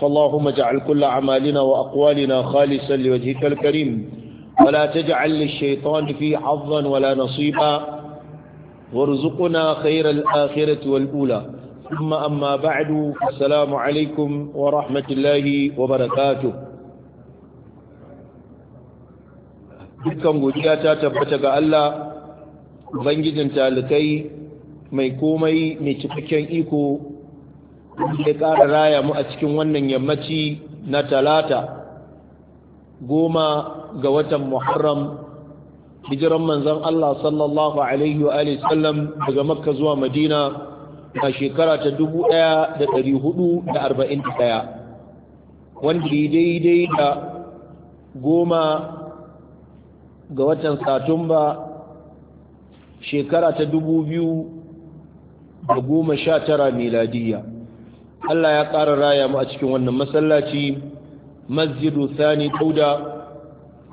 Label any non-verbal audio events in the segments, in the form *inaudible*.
فاللهم اجعل كل أعمالنا وأقوالنا خالصا لوجهك الكريم ولا تجعل للشيطان في حظا ولا نصيبا وارزقنا خير الآخرة والأولى ثم أما بعد السلام عليكم ورحمة الله وبركاته dukkan godiya ta tabbata ga Allah ubangijin talikai mai komai mai cikakken iko ya ƙara raya mu a cikin wannan yammaci na talata goma ga watan muharram hijiran manzan Allah sallallahu alaihi wa sallam daga makka zuwa madina a shekara ta 1441 wanda daidai da goma ga watan satumba shekara ta 2019 miladiyya Allah ya ƙara raya mu a cikin wannan masallaci masjidu sani dauda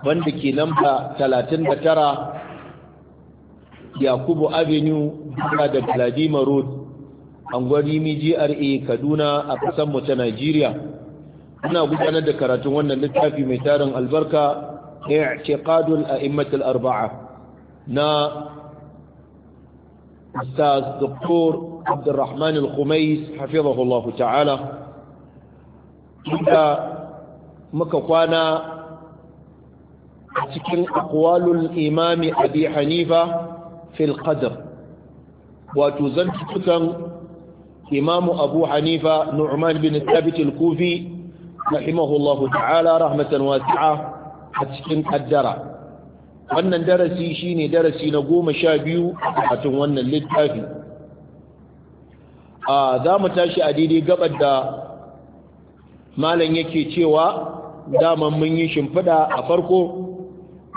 wanda ke lamba 39 yakubu avenue duka da Vladimir road angwarimi gra kaduna a ƙasar mu ta nigeria muna gudanar da karatun wannan littafi mai tarin albarka i'tiqadul a'immatul arba'a na أستاذ دكتور عبد الرحمن الخميس حفظه الله تعالى مكوانا cikin akwalul imami abi hanifa fil qadr wato zantukan imamu abu hanifa nu'man bin thabit kufi rahimahullahu ta'ala rahmatan wasi'a a cikin wannan darasi shine darasi na goma sha biyu a tun wannan littafi a za mu tashi a daidai gabar da malam yake cewa daman mun yi shimfiɗa a farko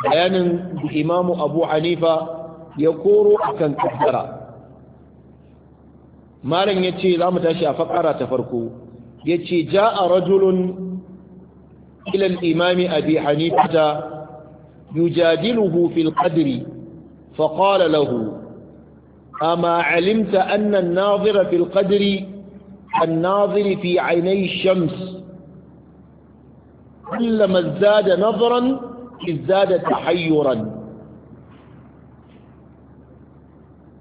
bayanin imamu abu hanifa ya koro akan kaddara malam ya ce za mu tashi a fakara ta farko ya ce ja a rajulun ilal imami abi hanifata يجادله في القدر فقال له أما علمت أن الناظر في القدر الناظر في عيني الشمس كلما ازداد نظرا ازداد تحيرا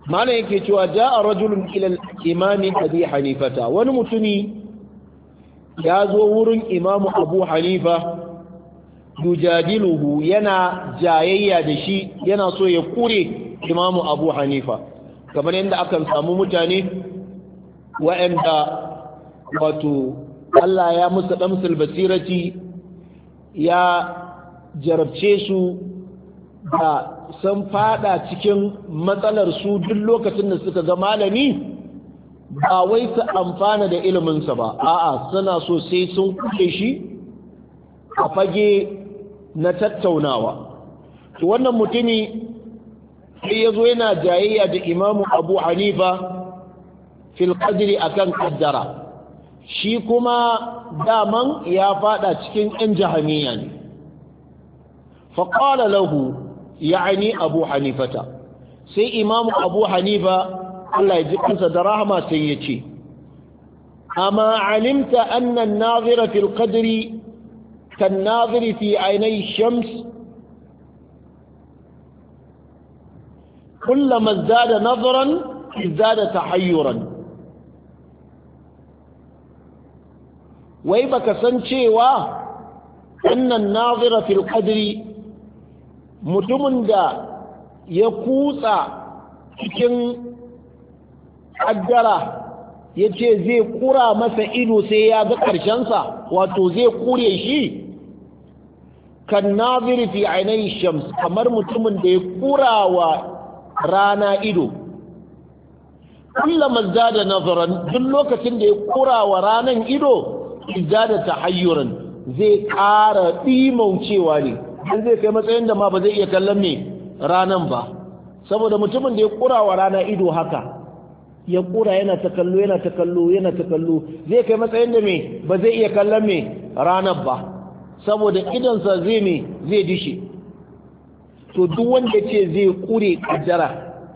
معنى yake إيه جاء رجل إلى الإمام أبي حنيفة ونمتني wani mutumi ya zo wurin yujadiluhu yana jayayya da shi yana so ya kure imamu abu hanifa kamar yadda akan samu mutane wa'anda wato Allah ya musu damsul basirati ya jarabce su da san fada cikin matsalar su duk lokacin da suka ga malami ba wai su amfana da iliminsa ba a'a suna so sai sun kuke shi a fage na tattaunawa wannan mutumi sai ya zo yana jayayya da imamu abu hanifa fil qadri akan kaddara shi kuma daman ya fada cikin yan jahaniya ne faƙala lahu ya'ani abu hanifata sai imamu abu hanifa Allah ya ji kansa da rahama sai ya ce amma alimta annan nazira fil qadri كالناظر في عيني الشمس كلما ازداد نظرا ازداد تحيرا ويبك سنشيوا أن الناظر في القدر mutumin da ya kutsa cikin addara ya ce zai kura masa ido sai ya ga ƙarshensa wato zai kure shi kan naziri fi ainihi shams kamar mutumin da ya kura wa rana ido kullama zada nazaran duk lokacin da ya kura wa ranan ido zada tahayyuran zai ƙara ɗimaucewa ne dan zai kai matsayin da ma ba zai iya kallon me ranan ba saboda mutumin da ya kura wa rana ido haka ya kura yana ta kallo yana ta kallo yana ta kallo zai kai matsayin da me ba zai iya kallon me ranar ba saboda idonsa zai ne zai dishe to duk wanda ce zai kure kaddara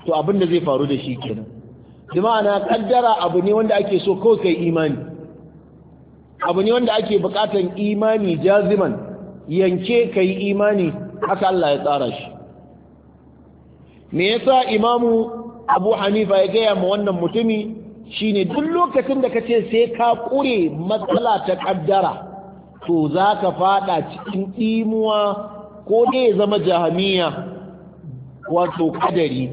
to abin da zai faru da shi kenan da ma'ana kaddara abu ne wanda ake so kawai kai imani abu ne wanda ake bukatan imani jaziman yanke kai imani haka Allah ya tsara shi me yasa imamu abu hanifa ya gaya ma wannan mutumi shine duk lokacin da kace sai ka kure matsala ta kaddara to za ka fada cikin imuwa ko dai ya zama jahamiya wato kadari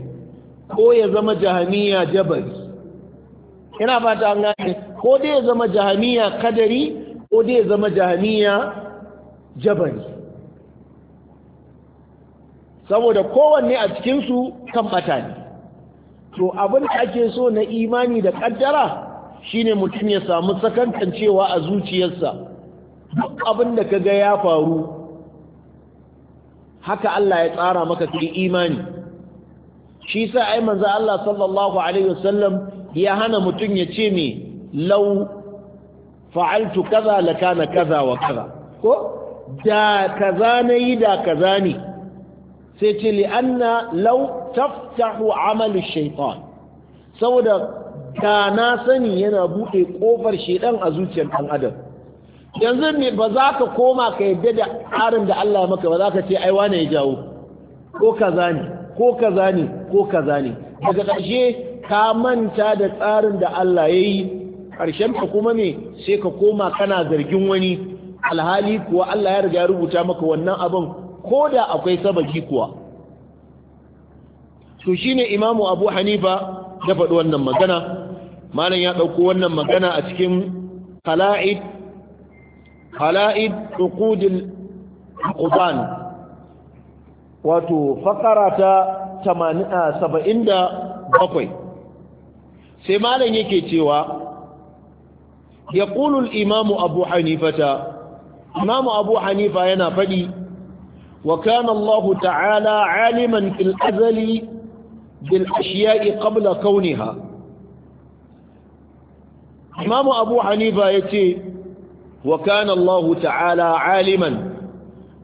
ko ya zama jahamiya jabari ina fata an gane ko dai ya zama jahamiya kadari ko dai ya zama jahamiya jabari saboda kowanne a cikinsu kan bata ne to abin da ake so na imani da kaddara shine mutum ya samu sakantancewa a zuciyarsa duk abin da kaga ya faru haka Allah ya tsara maka kai imani shi sa ai manzo Allah sallallahu alaihi wasallam ya hana mutun ya ce me law fa'altu kaza lakana kaza wa kaza ko da kaza nayi da kaza ne sai ce li'anna law taftahu amalu shaytan saboda da na sani yana bude kofar shedan a zuciyar dan adam yanzu ne ba za ka koma ka yadda da tsarin da Allah ya maka ba za ka ce ai wane ya jawo ko kaza ne ko kaza ne ko kaza ne daga ƙarshe ka manta da tsarin da Allah ya yi ƙarshen ka kuma me sai ka koma kana zargin wani alhali kuwa Allah ya riga ya rubuta maka wannan abin ko da akwai sabaji kuwa to shine imamu abu hanifa ya faɗi wannan magana malam ya ɗauko wannan magana a cikin kala'id? hala'id uqudil quban wato fakara ta 77 sai malam yake cewa yaqulu al-imam abu hanifata imam abu hanifa yana fadi wa kana Allah ta'ala aliman fil azali bil ashiya'i qabla kauniha imam abu hanifa yace wa kana Allah ta'ala aliman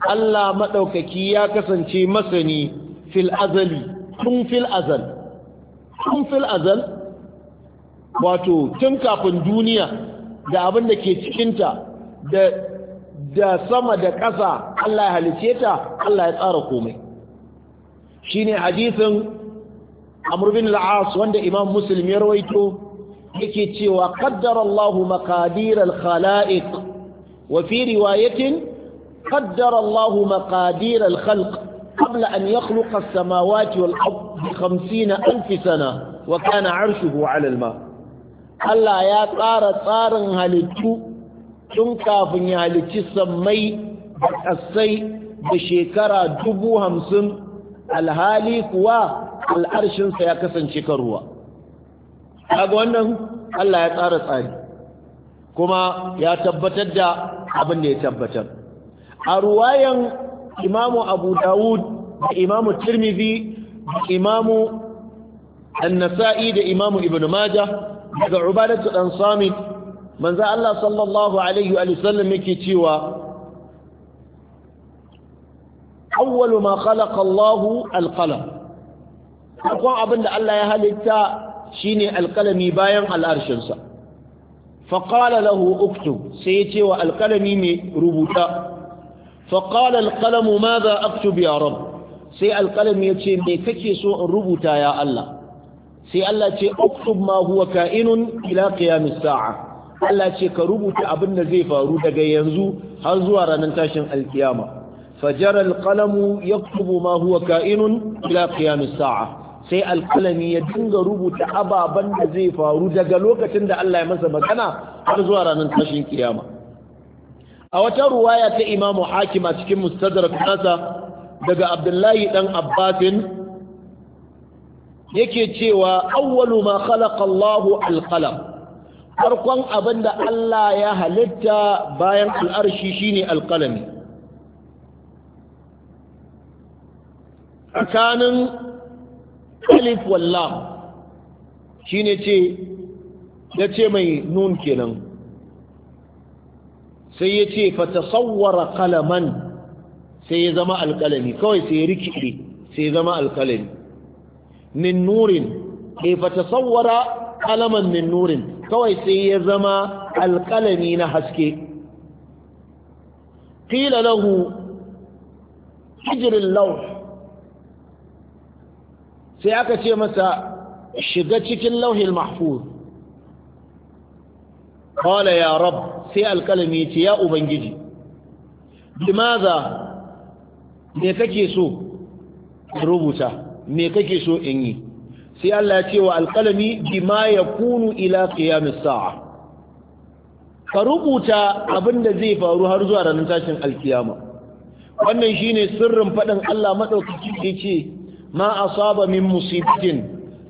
Allah madaukaki ya kasance masani fil azali tun fil azal tun fil azal wato tun kafin duniya da abin da ke cikinta da da sama da ƙasa Allah ya halice ta Allah ya tsara komai shine hadisin Amr bin al wanda Imam Muslim ya rawaito yake cewa qaddara Allahu maqadir al-khalaiq wa fi riwayatin qaddara an yakhluqa as-samawati wal-ard bi 50000 sana wa kana 'arshuhu 'ala Allah ya tsara tsarin halittu tun kafin ya halicci sammai da ƙasai da shekara dubu hamsin alhali kuwa al'arshinsa ya kasance kan ruwa kaga wannan Allah ya tsara tsari kuma ya tabbatar da abin da ya tabbatar a ruwayan imamu abu dawud da imamu tirmidhi da imamu annasa'i da imamu ibn maja daga ubadatu dan samit manzo Allah sallallahu alaihi wa sallam yake cewa awwalu ma khalaqa Allahu al-qalam akwai abin da Allah ya halitta shine alkalami bayan al'arshinsa faƙala lahu uktu sai ya ce wa alkalami mai rubuta faƙala alkalamu ma za aktu biya rab sai alkalami ya ce mai kake so in rubuta ya Allah sai Allah ce uktub ma huwa ka'inun ila qiyamis sa'a Allah ce ka rubuta abin da zai faru daga yanzu har zuwa ranar tashin alkiyama fajar kalamu yaktubu ma huwa ka'inun ila qiyamis sa'a sai alkalami ya dinga rubuta ababen da zai faru daga lokacin da Allah ya masa magana har zuwa ranar tashin kiyama a wata ruwaya ta imamu hakima a cikin mustadrak daga abdullahi dan abbasin yake cewa awwalu ma khalaqa Allahu alqalam farkon abinda Allah ya halitta bayan al'arshi shine alqalami tsakanin alif wallah ne ce ya ce mai nun kenan sai ya ce fatasawwara kalaman sai ya zama alkalami kawai sai ya rikide sai ya zama alkalami min nurin e fatasawwara kalaman min nurin kawai sai ya zama alkalami na haske qila lahu hijr lauf sai aka ce masa shiga cikin lauhin mahfuz qala ya rab sai alkalami ce ya ubangiji limaza me kake so rubuta me kake so in yi sai Allah ya ce wa alkalami bima yakunu ila qiyamis sa'a ka rubuta abin da zai faru har zuwa ranar tashin alkiyama wannan shine sirrin faɗin Allah madaukaki ce ما أصاب من مصيبة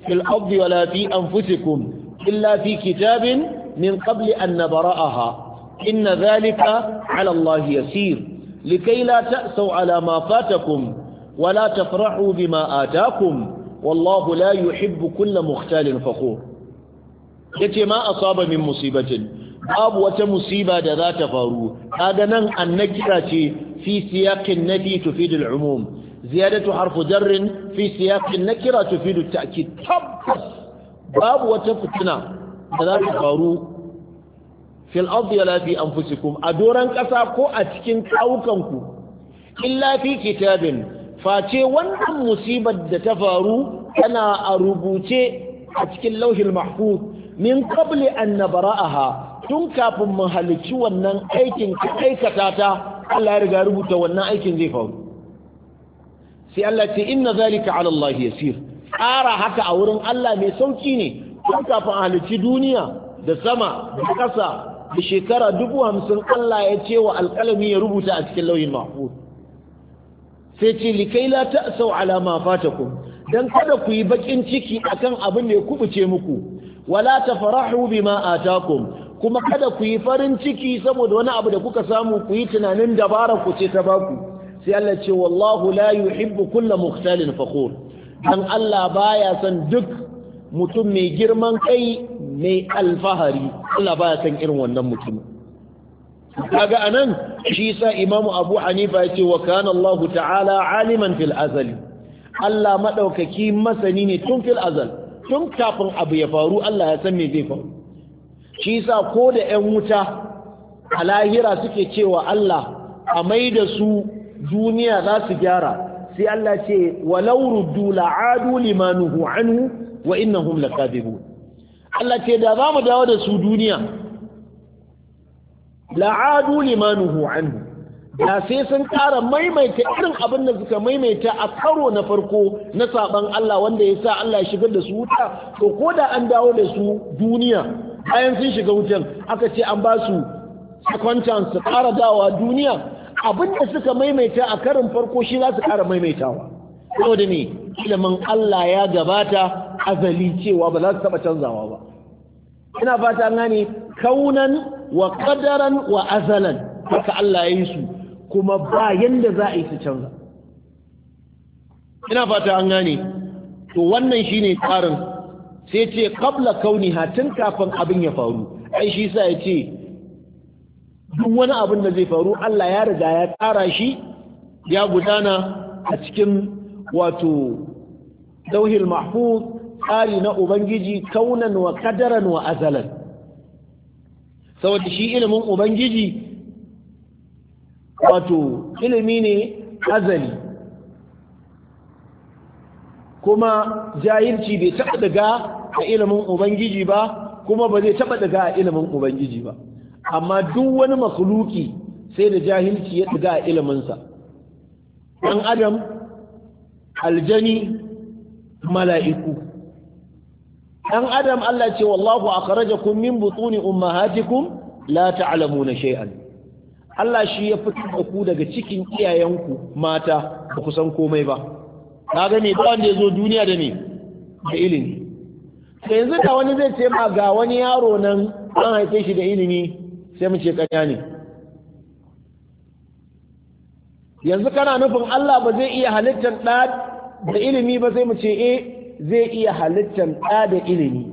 في الأرض ولا في أنفسكم إلا في كتاب من قبل أن نبرأها إن ذلك على الله يسير لكي لا تأسوا على ما فاتكم ولا تفرحوا بما آتاكم والله لا يحب كل مختال فخور يتي ما أصاب من مصيبة babu wata musiba da za ta faru kaga nan annakira ce fi siyaqin nafi tufidul umum ziyadatu harfu jarrin fi siyaqin nakira tufidu ta'kid tabbas babu wata fitina da za ta faru fil ardi la fi anfusikum a doran kasa ko a cikin kaukanku illa fi kitabin face wannan musibar da ta faru tana a rubuce a cikin lauhin mahfuz min qabli an nabra'aha tun kafin mu halicci wannan aikin ka aikata ta Allah ya riga rubuta wannan aikin zai faru sai Allah ce inna zalika ala Allah yasir tsara haka a wurin Allah mai sauki ne tun kafin halicci duniya da sama da ƙasa da shekara dubu hamsin Allah ya ce wa alƙalami ya rubuta a cikin lauyin mahfuz sai ce likai la ta'sau ala ma fatakum dan kada ku yi bakin ciki akan abin da ya kubuce muku wala tafarahu bima atakum kuma kada ku yi farin ciki saboda wani abu da kuka samu ku yi tunanin dabara ku ce ta baku sai Allah ce wallahu la yuhibbu kulla mukhtalin fakhur dan Allah baya son duk mutum mai girman kai mai alfahari Allah baya son irin wannan mutum kaga anan shi sa Imam Abu Hanifa yace wa kana Allah ta'ala aliman fil azali Allah madaukaki masani ne tun fil azal tun kafin abu ya faru Allah ya san me zai faru shi sa ko da 'yan wuta a lahira suke cewa Allah a mai da su duniya za su gyara sai Allah ce walau dula la'adu limanu hu'anu wa innahum lakadibun Allah ce da za mu dawo da su duniya la'adu limanu hu'anu da sai sun kara maimaita irin abin da suka maimaita a karo na farko na saban Allah wanda ya sa Allah ya shigar da su wuta to ko da an dawo da su duniya bayan sun shiga wutan aka ce an ba su second chance su ƙara dawa duniya abinda suka maimaita a karin farko shi za su ƙara maimaitawa saboda ne ilimin Allah ya gabata azali cewa ba za su taɓa canzawa ba ina fata an gane kaunan wa ƙadaran wa azalan haka Allah ya yi su kuma ba yanda za a yi su canza ina fata an gane to wannan shine tsarin sai ce kabla kauni tun kafin abin ya faru ai shi sa ya ce duk wani abin da zai faru Allah ya riga ya tsara shi ya gudana a cikin wato dauhil mahfuz tsari na ubangiji kaunan wa kadaran wa azalan saboda shi ilimin ubangiji wato ilimi ne azali kuma jahilci bai taɓa daga a ilimin ubangiji ba kuma ba zai taɓa daga a ilimin ubangiji ba amma duk wani makhluki sai da jahilci ya daga a iliminsa ɗan adam aljani mala'iku ɗan adam Allah ce wallahu akhrajakum min butuni ummahatikum la ta'lamuna shay'an Allah shi ya fitar da ku daga cikin iyayenku mata ba ku san komai ba na ga me ba wanda ya zo duniya da ne da ilimi sai yanzu da wani zai ce ma ga wani yaro nan an haife shi da ilimi sai mu ce kanya ne yanzu kana nufin Allah ba zai iya halittar ɗa da ilimi ba sai mu ce eh zai iya halittar ɗa da ilimi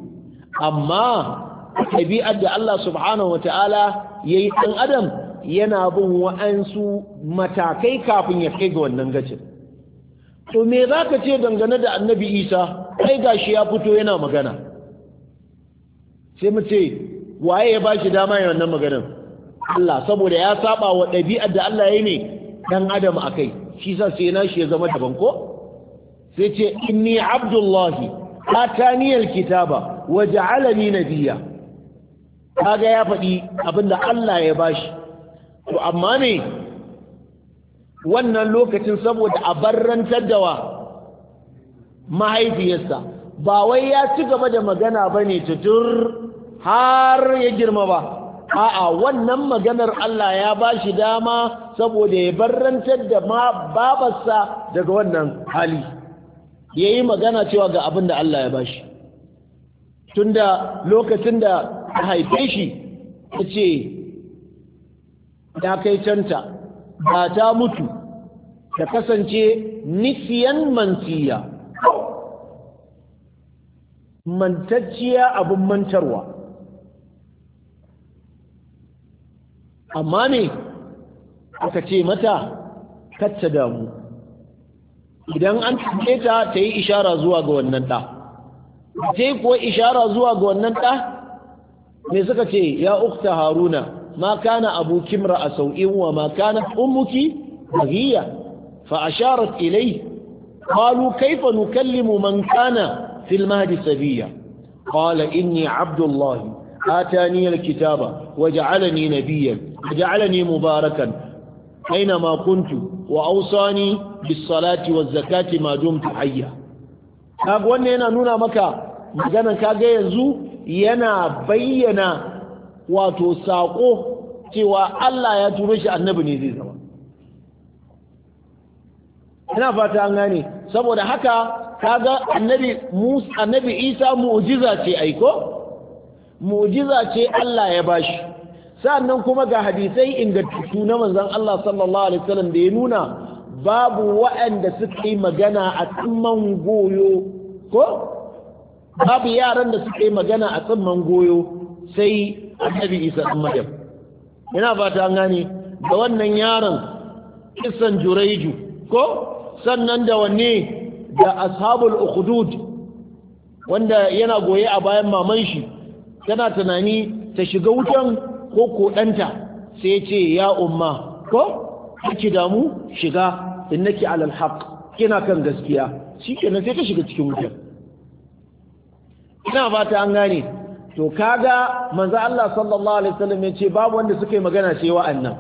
amma ɗabi'ar da Allah subhanahu wata'ala ya yi ɗan adam yana bin wa'ansu matakai kafin ya kai ga wannan gajin. to me za ka ce dangane da annabi isa ai gashi ya fito yana magana sai mu ce waye ya ba shi dama ya wannan maganar Allah saboda ya saba wa ɗabi'ar da Allah ya yi ne ɗan adam a kai shi sa sai na shi ya zama daban ko sai ce inni abdullahi ataniyal kitaba na ja'alani Ta ga ya faɗi abinda Allah ya bashi to amma ne wannan lokacin saboda a barrantar da wa mahaifiyarsa ba wai ya ci gaba da magana ba ne tutur har ya girma ba a'a wannan maganar Allah ya ba shi dama saboda ya barrantar da ma babarsa daga wannan hali ya yi magana cewa ga abin da Allah ya ba shi tunda lokacin da ta haife shi ta ce ya kai canta ba ta mutu ta kasance nisiyan mantiya mantacciya abin mantarwa amma ne aka ce mata katta damu idan an tambaye ta ta yi ishara zuwa ga wannan ɗa ta yi kuwa ishara zuwa ga wannan ɗa me suka ce ya ukta haruna ma kana abuki imra'a sau'in wa ma kanat ummuki baghiya fa sharar ilai? qalu kayfa nukallimu man kana fil sabiya qala inni abdullahi آتاني الكتاب وجعلني mubarakan aina makuntu wa ausani وأوصاني بالصلاة والزكاة ما دمت حيا kaga wannan yana nuna maka maganan kaga yanzu yana bayyana wato saƙo cewa Allah ya turo shi annabi ne zai zama ina fata an gane saboda haka kaga annabi annabi Isa mu'jiza ce aiko mu'jiza ce Allah ya bashi sannan kuma ga hadisai ingantattu na manzon Allah sallallahu alaihi wasallam da ya nuna babu waɗanda suka yi magana a tsamman goyo ko babu yaran da suka yi magana a tsamman goyo sai annabi isa ɗan maryam ina fata an gane da wannan yaron kisan juraiju ko sannan da wanne da ashabul ukudud wanda yana goye a bayan maman shi tana tunani ta shiga wutan ko ko koɗanta sai ce ya umma ko kike damu shiga innaki alal haqq kina kan gaskiya shikenan sai ta shiga cikin wutan ina fata an gane to kaga manzo Allah sallallahu alaihi wasallam yace babu wanda suka yi magana sai wa'annan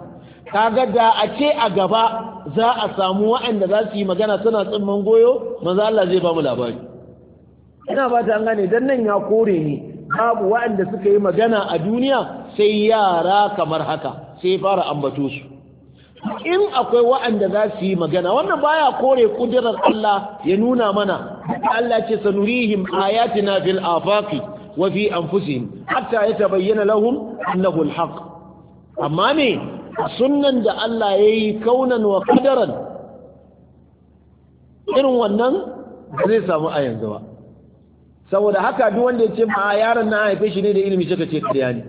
kaga da a ce a gaba za a samu wa'anda za su yi magana suna tsimman goyo manzo Allah zai ba mu labari ina ba ta an gane dan nan ya kore ni babu wa'anda suka yi magana a duniya sai yara kamar haka sai fara ambato su in akwai wa'anda za su yi magana wannan baya kore kudirar Allah ya nuna mana Allah ce sanurihim ayatina fil afaqi wa fi anfusihim hatta bayyana lahun, annahu alhaq amma ne sunnan da Allah yayi kaunan wa qadaran irin wannan zai samu a yanzu ba saboda haka duk wanda ya ce ma yaron na haife shi ne da ilimi suka ce ƙarya ne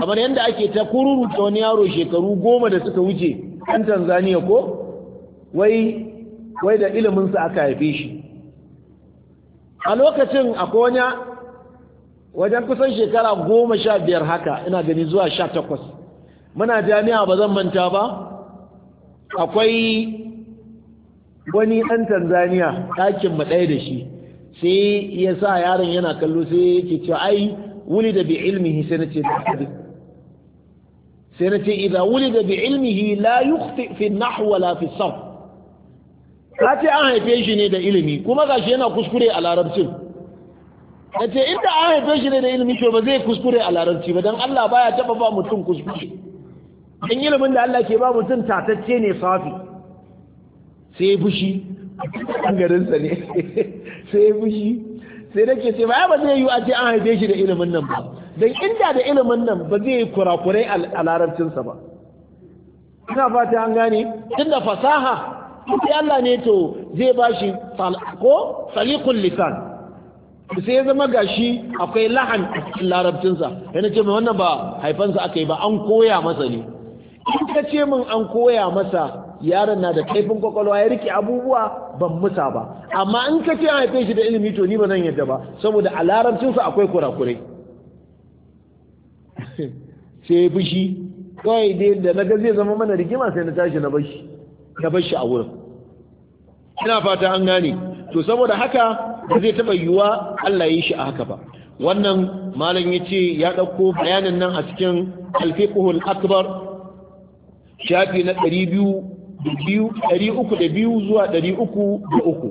kamar yadda ake ta ta wani yaro shekaru goma da suka wuce ɗan tanzaniya ko wai wai da iliminsa aka haife shi a lokacin akwai wani wajen kusan shekara goma sha biyar haka ina gani zuwa sha takwas muna jami'a ba zan manta ba akwai wani ɗan tanzaniya ɗakin mu ɗaya da shi sai ya sa yaron yana kallo sai yake cewa ai wuli da bi ilmihi sai na ce sai na ce idan wuli da bi ilmihi la yukhti fi nahw wala fi sarf ka ce an haife shi ne da ilimi kuma gashi yana kuskure a larabcin da ce inda an haife shi ne da ilimin to ba zai kuskure a larabci ba don Allah baya taba ba mutum kuskure in ilimin da Allah ke ba mutum tatacce ne safi sai fushi a garinsa ne *laughs* sai fushi sai ke ce ba Ya ba zai yi a ce an haife shi da ilimin nan ba don inda da ilimin nan ba zai kurakurai a larabcinsa ba ina fata an gane tunda fasaha sai Allah ne to zai ba shi ko salikul lisan sai ya zama gashi akwai lahan a cikin larabcinsa yana ce mai wannan ba haifansa aka yi ba an koya masa ne in ka ce min an koya masa yaron na da kaifin kwakwalwa ya rike abubuwa ban musa ba amma in ka ce an haife shi da ilimi to ni ba zan yadda ba saboda a larabcinsa akwai kurakurai *laughs* sai fushi kawai dai da na zai zama mana rigima sai na tashi na na bashi a wurin ina fata an gane to saboda haka ba zai taɓa yiwuwa Allah yi shi a haka ba wannan malam ya ce ya ɗauko bayanin nan a cikin alfiqhul akbar shafi na ɗari biyu ɗari uku da biyu zuwa ɗari uku da uku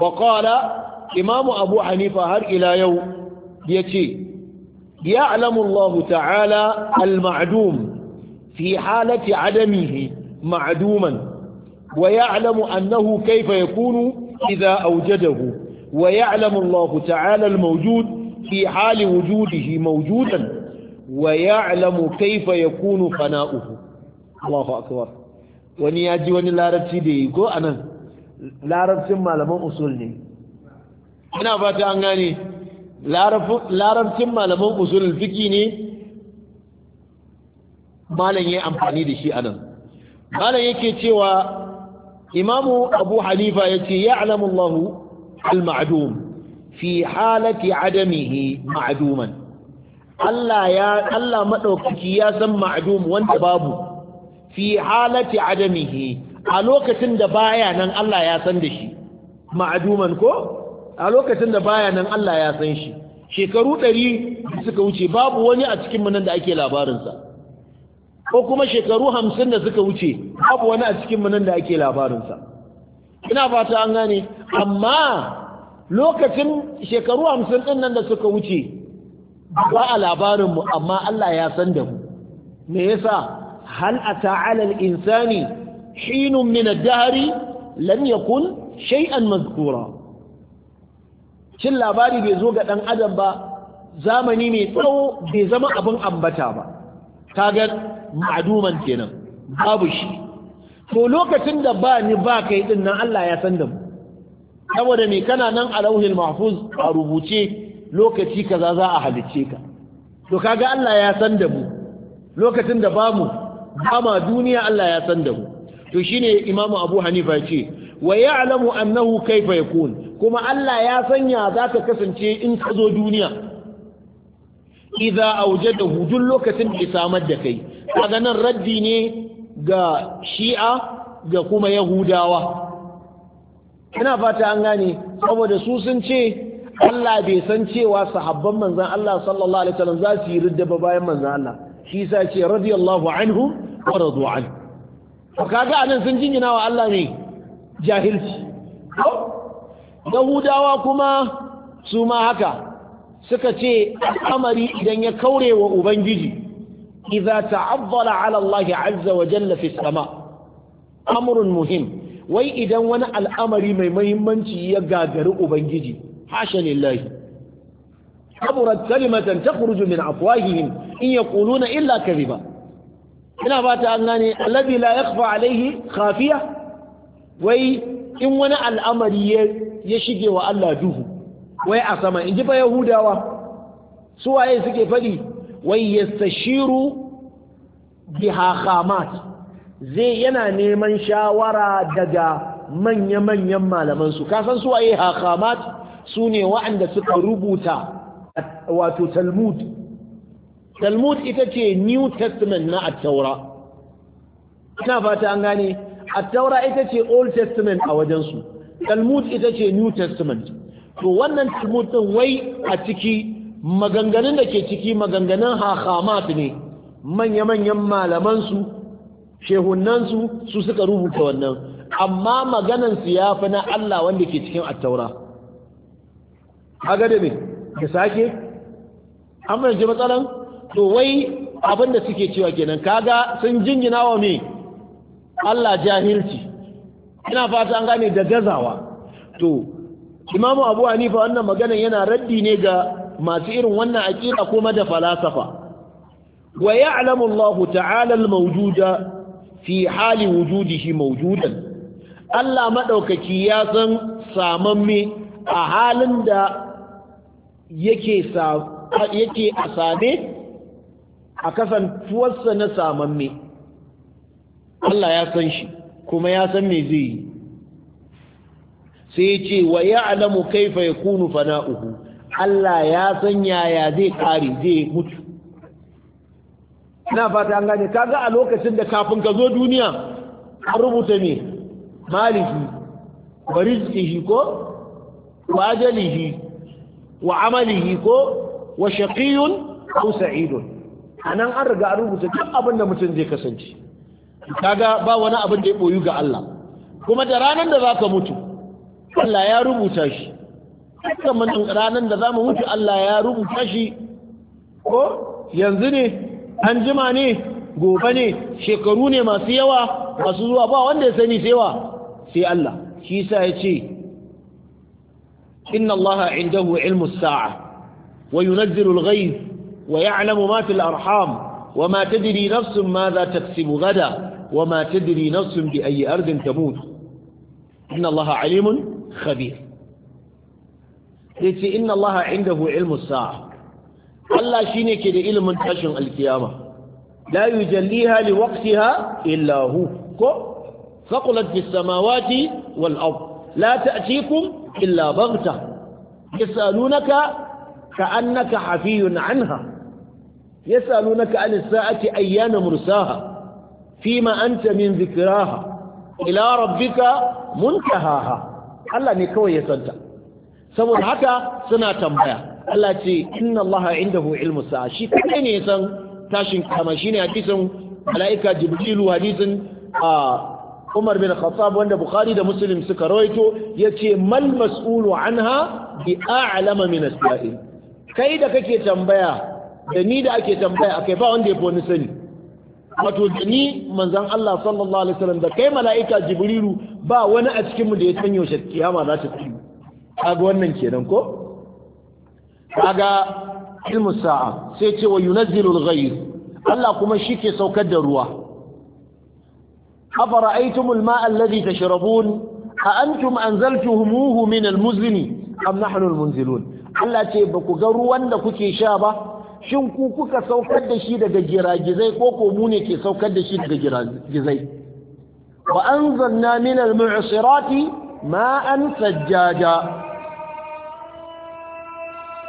wa qala imamu abu hanifa har ila yau ya ce ya ta'ala al-ma'dum fi halati adamihi ma'duman ويعلم أنه كيف يكون إذا أوجده ويعلم الله تعالى الموجود في حال وجوده موجودا ويعلم كيف يكون فناؤه الله أكبر wani ya ji wani larabci da yi ko anan larabcin malaman usul ne ina fata an gane larabcin malaman usul fiki ne malam ya amfani da shi anan malam yake cewa imamu abu hanifa ya ce ya alamun al-ma'adum fi halati adamihi Allah ya ya san ma'adum wanda babu fi halati adamihi a lokacin da baya nan Allah ya san da shi ma'aduman ko a lokacin da baya nan Allah ya san shi shekaru 100 suka wuce babu wani a cikin nan da ake labarinsa ko kuma shekaru hamsin da suka wuce babu wani a cikin nan da ake labarinsa ina fata an gane amma lokacin shekaru hamsin ɗin nan da suka wuce ba a labarinmu amma Allah ya san da mu me yasa hal ata alal insani hinun min ad-dahri lam yakun shay'an mazkura shin labari bai zo ga dan adam ba zamani mai tsawo bai zama abin ambata ba kaga ma'aduman kenan babu shi to lokacin da ba ni ba kai din nan Allah ya san da mu saboda me kana nan a lauhil mahfuz a rubuce lokaci kaza za a halicce ka to kaga Allah ya san da mu lokacin da ba mu ba ma duniya Allah ya san da mu to shine imamu abu hanifa ce wa ya'lamu annahu kaifa yakun kuma Allah ya sanya zaka kasance in ka zo duniya auje da duk lokacin da ya samar da kai kaga nan raddi ne ga shi'a ga kuma yahudawa ina fata an gane saboda su sun ce Allah bai san cewa sahabban manzan Allah sallallahu alaihi wasallam za su yi ridda ba bayan manzan Allah shi ce radiyallahu anhu wa radu an to kaga anan sun jingina wa Allah ne jahilci yahudawa kuma su ma haka suka ce al'amari idan ya kaure wa ubangiji Iza ta'azzala ala Allah azza wa jalla fi sama amrun muhim wai idan wani al'amari mai muhimmanci ya gagari ubangiji hasha lillahi kaburat kalimatan takhruju min afwahihim in yaquluna illa kadhiba ina fata an gane alladhi la yakhfa alayhi khafiya wai in wani al'amari ya shige wa Allah duhu wai a sama in ji fa yahudawa su waye suke faɗi wai yastashiru biha khamat zai yana neman shawara daga manya-manyan malamansu. kasan su waye hakamat su ne waɗanda suka rubuta wato talmud talmud ita ce new testament na attaura ina fata an gane attaura ita ce old testament a wajensu talmud ita ce new testament to wannan talmud wai a ciki maganganun da ke ciki maganganun hakamat ne manya-manyan malamansu shehunansu su suka rubuta wannan amma maganansu ya fi na Allah wanda ke cikin attaura haga da ne ka sake an ji matsalan to wai abin da suke cewa kenan kaga sun jingina wa me Allah jahilci ina fata an gane da gazawa to imamu abu hanifa wannan magana yana raddi ne ga masu irin wannan aƙida kuma da falasafa wa ya'lamu Allah ta'ala al-mawjuda fi hali wujudihi mawjudan Allah madaukaki ya san samamme a halin da yake sa yake a same a kasantuwarsa na samamme Allah ya san shi kuma ya san me zai yi sai ya ce wa ya ya'lamu kaifa yakunu fana'uhu Allah ya san yaya zai kare zai mutu ina fata an gane kaga a lokacin da kafin ka zo duniya an rubuta ne maliki wa rizqihi ko wa ajalihi wa amalihi ko wa shaqiyun aw sa'idun anan an riga an rubuta duk abin da mutum zai kasance kaga ba wani abin da ya boyu ga Allah kuma da ranar da zaka mutu Allah ya rubuta shi kamar ranar da za mu mutu Allah ya rubuta shi ko yanzu ne an jima ne gobe ne shekaru ne masu yawa masu zuwa ba wanda ya sani sai wa sai Allah shi sa ya ce inna Allah indahu ilmu sa'a wa yunazzilu al-ghayb wa ya'lamu ma fil arham wa ma tadri nafsun ma za taksibu gada wa ma tadri nafsun bi ayyi ardin tamut inna Allah alimun khabir sai ce inna allaha indahu ilmu sa'a Allah shine ke da ilimin tashin alkiyama la yujalliha liwaqtiha illa hu ko faqulat bis samawati wal ard la ta'tikum illa baghta yasalunaka ka'annaka hafiyun anha yasalunaka an sa'ati ayyana mursaha fima anta min dhikraha ila rabbika muntahaha Allah ne kawai ya santa saboda haka suna tambaya Allah ce inna Allah indahu ilmu sa'a shi kadai ne ya san tashin kama shine hadisin malaika jibrilu hadisin a Umar bin Khattab wanda Bukhari da Muslim suka rawaito yace mal mas'ulu anha bi a'lama min as-sa'il kai da kake tambaya da ni da ake tambaya akai ba wanda ya fi wani sani wato da manzan Allah sallallahu alaihi wasallam da kai mala'ika jibrilu ba wani a cikin mu da ya san yaushe kiyama za ta tsayu kaga wannan kenan ko kaga ilmu sa'a sai ce wa yunazzilu al-ghayr Allah kuma shi ke saukar da ruwa afara'aytumul ma'a alladhi tashrabun a antum anzaltumuhu min al-muzni am nahnu al-munzilun Allah ce ba ku ga ruwan da kuke sha ba shin ku kuka saukar da shi daga giragizai ko ko mu ne ke saukar da shi daga giragizai wa anzalna min al-mu'sirati ma'an sajjaja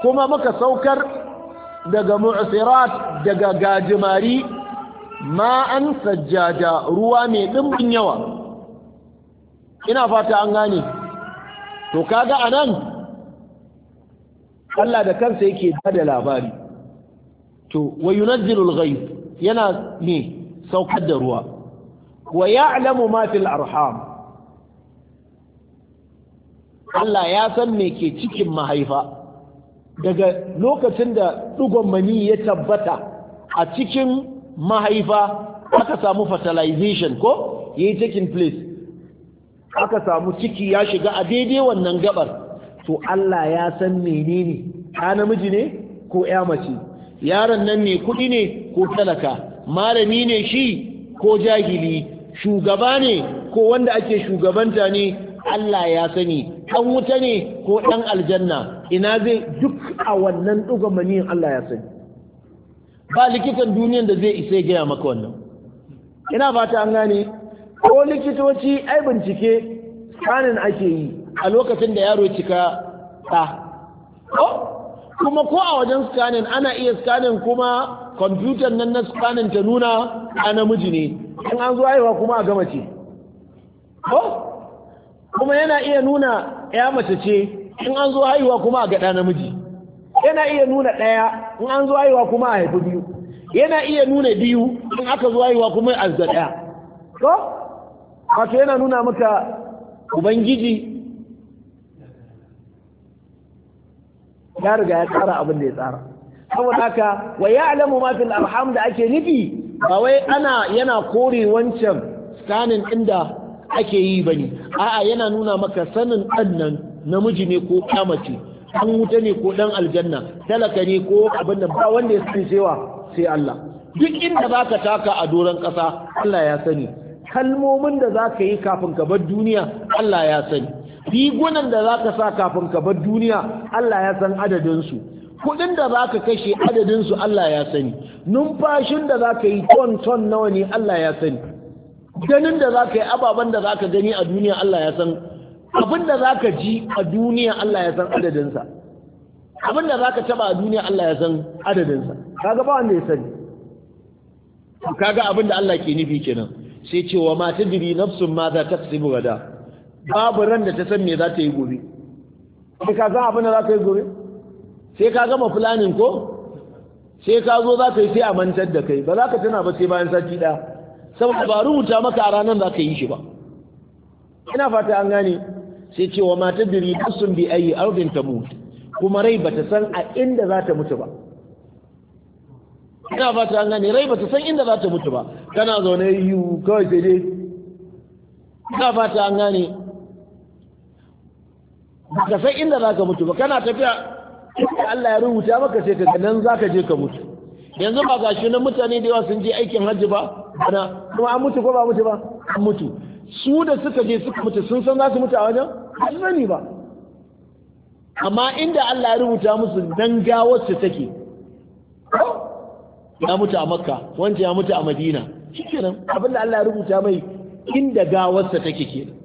kuma muka saukar daga mu'sirat daga gajimari ma'an sajjaja ruwa mai dimbin yawa ina fata an gane to kaga anan Allah da kansa yake da labari to wa yunazzilul ghaib yana ne saukar da ruwa wa ya'lamu ma fil arham Allah ya san me ke cikin mahaifa daga lokacin da dugon mani ya tabbata a cikin mahaifa aka samu fertilization ko yayi taking place aka samu ciki ya shiga a daidai wannan gabar to Allah ya san menene ka namiji ne ko ya mace yaron nan ne kuɗi ne ko talaka malami ne shi ko jahili shugaba ne ko wanda ake shugabanta ne Allah ya sani ɗan wuta ne ko ɗan aljanna ina zai duk a wannan ɗugamani Allah ya sani ba likitan duniyan da zai isa gaya maka wannan ina fata an gane ko likitoci ai bincike tsanin ake yi a lokacin da yaro cika ɗa kuma ko a wajen scanning ana iya scanning kuma kwamfutar nan na scanning ta nuna a namiji ne in an zo haihuwa kuma a gama ce ko kuma yana iya nuna ya mace ce in an zo haihuwa kuma a gaɗa namiji yana iya nuna ɗaya in an zo haihuwa kuma a haifi biyu yana iya nuna biyu in aka zo haihuwa kuma a ga ɗaya ko wato yana nuna maka ubangiji ya riga ya tsara abin da ya tsara saboda haka wa ya'lamu ma fil arham da ake nufi ba wai ana yana kore wancan scanning inda ake yi bane a'a yana nuna maka sanin annan namiji ne ko kamace an wuta ne ko dan aljanna talaka ne ko abin da ba wanda ya san cewa sai Allah duk inda zaka taka a doron kasa Allah ya sani kalmomin da zaka yi kafin ka bar duniya Allah ya sani rigunan da za ka sa kafin ka bar duniya Allah ya san adadinsu kudin da za ka kashe adadinsu Allah ya sani numfashin da za ka yi ton-ton nawa ne Allah ya sani ganin da za ka yi ababen da za ka gani a duniya Allah ya san abin da za ka ji a duniya Allah ya san adadinsa abin da za ka taba a duniya Allah ya san adadinsa kaga ba wanda ya sani kaga abin da Allah ke nufi kenan sai cewa ma tadri nafsun ma za ta tsibu gada babu ran da ta san me za ta yi gobe sai ka san abin da za ka yi gobe sai ka gama planning ko sai ka zo za ka yi sai a mantar da kai ba za ka tana ba sai bayan sati ɗaya saboda ba rubuta maka a ranar za ka yi shi ba ina fata an gane sai ce wa mata diri sun bi ayi ardin ta kuma rai ba ta san a inda za ta mutu ba ina fata an gane rai ba ta san inda za ta mutu ba kana zaune yiwu kawai sai dai ina fata an gane baka san inda za ka mutu ba kana tafiya Allah ya rubuta maka sai ka nan za ka je ka mutu yanzu ba ga shi na mutane da yawa sun je aikin hajji ba bana kuma an mutu ko ba mutu ba an mutu su da suka je suka mutu sun san za su mutu a wajen ba sani ba amma inda Allah ya rubuta musu dan gawar su take ya mutu a makka wancan ya mutu a madina shikenan abinda Allah ya rubuta mai inda gawarsa take kenan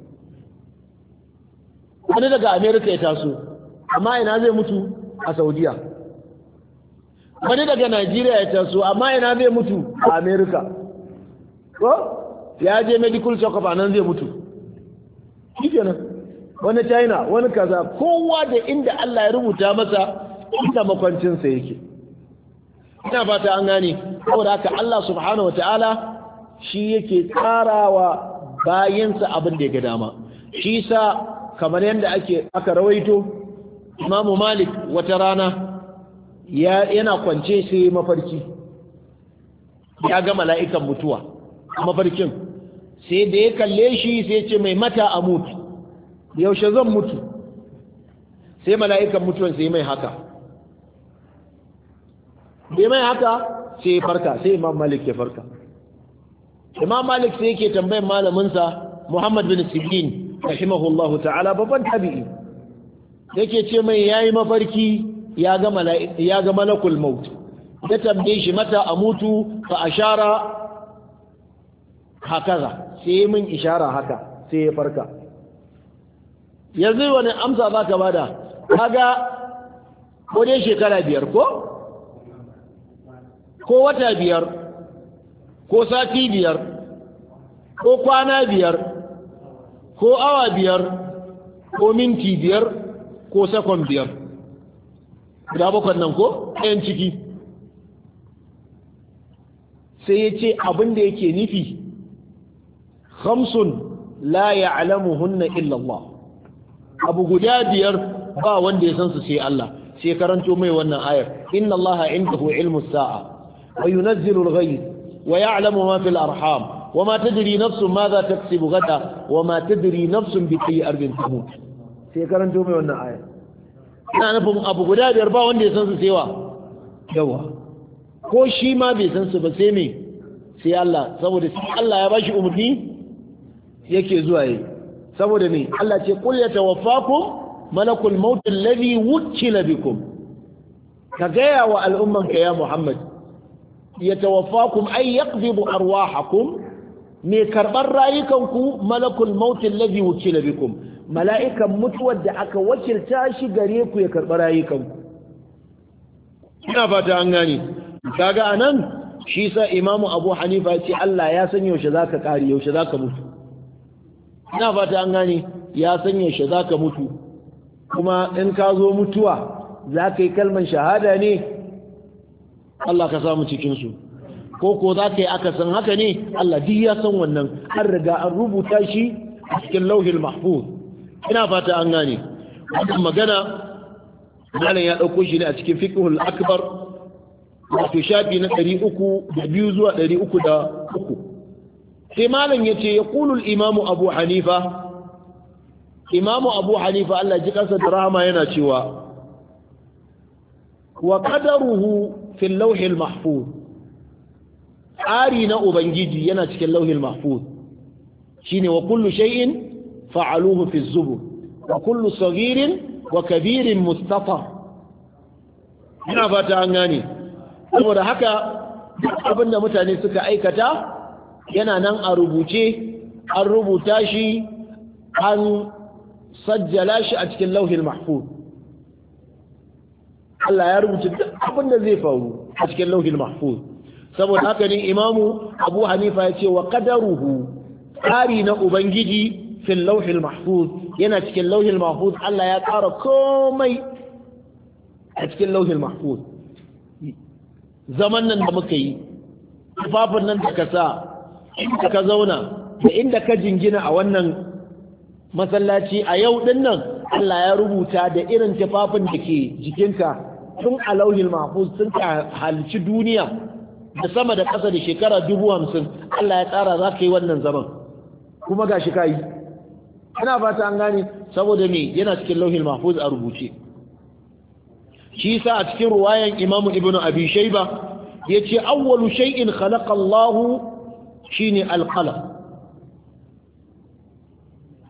wani daga amerika ya taso amma ina zai mutu a saudiya wani daga najeriya ya taso amma ina zai mutu a amerika ko ya je medical check-up a nan zai mutu shi wani china wani kaza kowa da inda allah ya rubuta masa ita makwancinsa yake ina fata an gane saboda haka allah subhanahu wa ta'ala shi yake karawa bayansa abin da ya ga dama shi sa kamar yadda ake aka rawaito imamu malik wata rana yana kwance sai mafarki ya ga mala'ikan mutuwa mafarkin sai da ya kalle shi sai ce mai mata a mutu yaushe zan mutu sai mala'ikan mutuwan sai mai haka bai mai haka sai ya farka sai imam malik ya farka imam malik sai yake tambayin malaminsa muhammad bin sibin rahimahullahu ta'ala babban tabi'i yake ce mai yayi mafarki ya ga ya ga malakul maut ya tambaye shi mata amutu fa ashara hakaza sai min ishara haka sai ya farka yanzu wani amsa za ka bada kaga ko dai shekara biyar ko ko wata biyar ko sati biyar ko kwana biyar ko awa biyar ko minti biyar ko sakon biyar guda bakon nan ko ɗayan ciki sai ya ce abin da yake nufi khamsun la ya'lamuhunna illa Allah abu guda biyar ba wanda ya san su sai Allah sai karanto mai wannan ayar inna Allah indahu ilmus sa'a wa yunzilu al-ghayth wa ya'lamu ma fil arham wama tadri nafsun ma za taksubu gada wama tadri nafsun bi ayi ardin tamut sai karanto mai wannan aya ina nufin abu guda biyar ba wanda ya san su sai wa yawa ko shi ma bai san su ba sai me sai Allah saboda sai Allah ya bashi umarni yake zuwa yi saboda ne Allah ce qul yatawaffakum malakul maut alladhi wukila bikum ka gaya wa al'ummanka ya Muhammad yatawaffakum ay yaqbidu arwahakum mai karɓar rayukanku malakul mautin lazi wukila bikum mala'ikan mutuwar da aka wakilta shi gare ku ya karɓi rayukanku ina fata an gane kaga anan shi sa imamu abu hanifa ce Allah ya san yaushe zaka kare yaushe zaka mutu ina fata an gane ya san yaushe zaka mutu kuma in ka zo mutuwa zaka yi kalman shahada ne Allah ka samu cikin su ko ko za ka yi san haka ne Allah duk ya san wannan an riga an rubuta shi a cikin lauhil mahfuz ina fata an gane wannan magana malam ya dauko shi ne a cikin fiqhul akbar wato shafi na 302 zuwa 303 sai malam yace ya al imam abu hanifa imam abu hanifa Allah ji kansa da rahama yana cewa wa qadaruhu fi al lawh mahfuz tsari na ubangiji yana cikin lauhin mahfuz shine wa kullu shay'in fa'aluhu fi zubur wa kullu saghirin wa kabirin mustafa ina fata an gane saboda haka duk abinda mutane suka aikata yana nan a rubuce an rubuta shi an sajjala shi a cikin lauhin mahfuz Allah ya rubuta duk abin da zai faru a cikin lauhin mahfuz saboda haka ne imamu abu hanifa ya ce wa qadaruhu tsari na ubangiji fil lauhil mahfuz yana cikin lauhil mahfuz Allah ya tsara komai a cikin lauhil mahfuz zaman nan da muka yi tufafin nan da ka sa inda ka zauna da inda ka jingina a wannan masallaci a yau din nan Allah ya rubuta da irin tufafin da ke jikinka tun a lauhil mahfuz sun ka halci duniya da sama da ƙasa da shekara dubu hamsin Allah ya tsara za ka yi wannan zaman kuma ga shi ka ana fata an gane saboda me yana cikin lauhin mahfuz a rubuce shi sa a cikin ruwayan imam ibn abi shayba yace awwalu shay'in khalaqa Allah shine al-qalam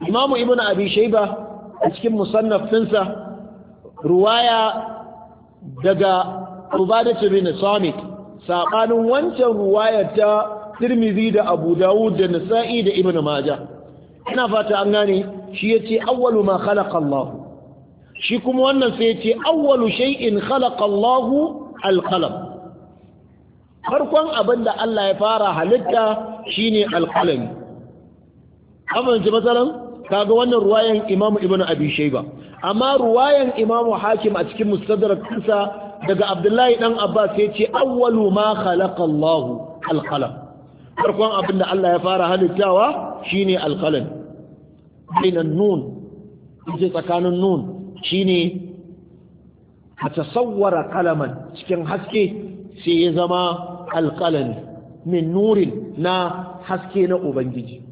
imam ibn abi shayba a cikin musannafinsa ruwaya daga ubadatu bin samit saɓanin wancan ruwayar ta tirmizi da abu dawud da nasa'i da ibn maja ina fata an gane shi ya ce awwalu ma khalaqa Allah shi kuma wannan sai ya ce awwalu shay'in khalaqa Allah al-qalam farkon abin da Allah ya fara halitta shine al-qalami abin ji matsalan kaga wannan ruwayan Imam Ibnu Abi Shayba amma ruwayan Imam Hakim a cikin Mustadrak kansa daga abdullahi dan abbas ya ce awwalu ma khalaqa Allah alqalam farkon abin da Allah ya fara halittawa shine alqalam bainan nun ce tsakanin nun shine a tasawwara qalaman cikin haske sai ya zama alqalami min nurin na haske na ubangiji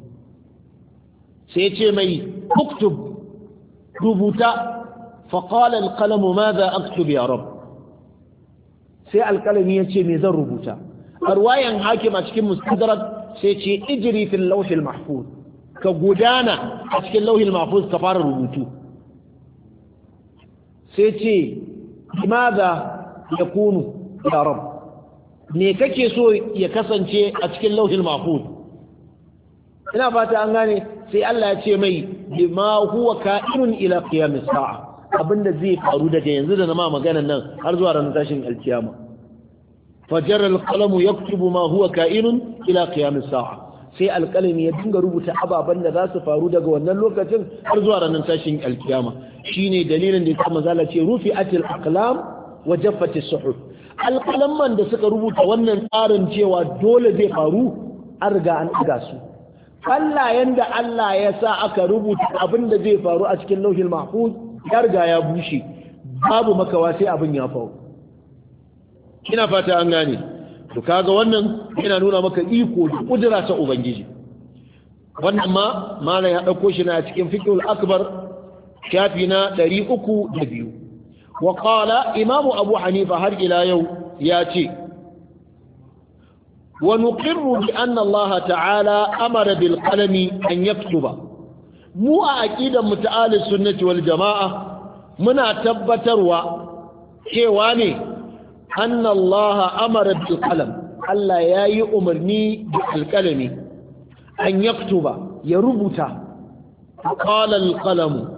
sai ya ce mai uktub rubuta فقال القلم ماذا أكتب يا رب sai alkalami ya ce me zan rubuta a ruwayan hakim a cikin mustadrak sai ce ijri fil lawhil mahfuz ka gudana a cikin lauhil mahfuz ka fara rubutu sai ce limadha yakunu ya rab me kake so ya kasance a cikin lauhil mahfuz ina fata an gane sai Allah ya ce mai bima huwa ka'inun ila qiyamis sa'a abin da zai faru daga yanzu da nama maganan nan har zuwa ranar tashin alkiyama fajar alqalamu ya ma huwa ka'inun ila qiyamis sa'a sai alkalami ya dinga rubuta ababen da za su faru daga wannan lokacin har zuwa ranar tashin alkiyama shine dalilin da ya mazala ce rufi atil waje wa jaffati suhuf alƙalamman da suka rubuta wannan tsarin cewa dole zai faru an riga an ɗaga su Allah yanda Allah ya sa aka rubuta abin da zai faru a cikin lauhin mahfuz ya riga ya bushe babu makawa sai abin ya faru ina fata an gane to kaga wannan yana nuna maka iko da kudura ta ubangiji wannan ma malam ya dauko shi na cikin fiqhul akbar shafi na 302 wa qala imam abu hanifa har ila yau ya ce bi annallaha ta'ala amara bil بالقلم an يكتب mu a aƙidan mu ta ahli sunnati wal jama'a muna tabbatarwa cewa ne annallaha amara bil qalam Allah yayi umarni da alƙalami an yaktuba ya rubuta qala al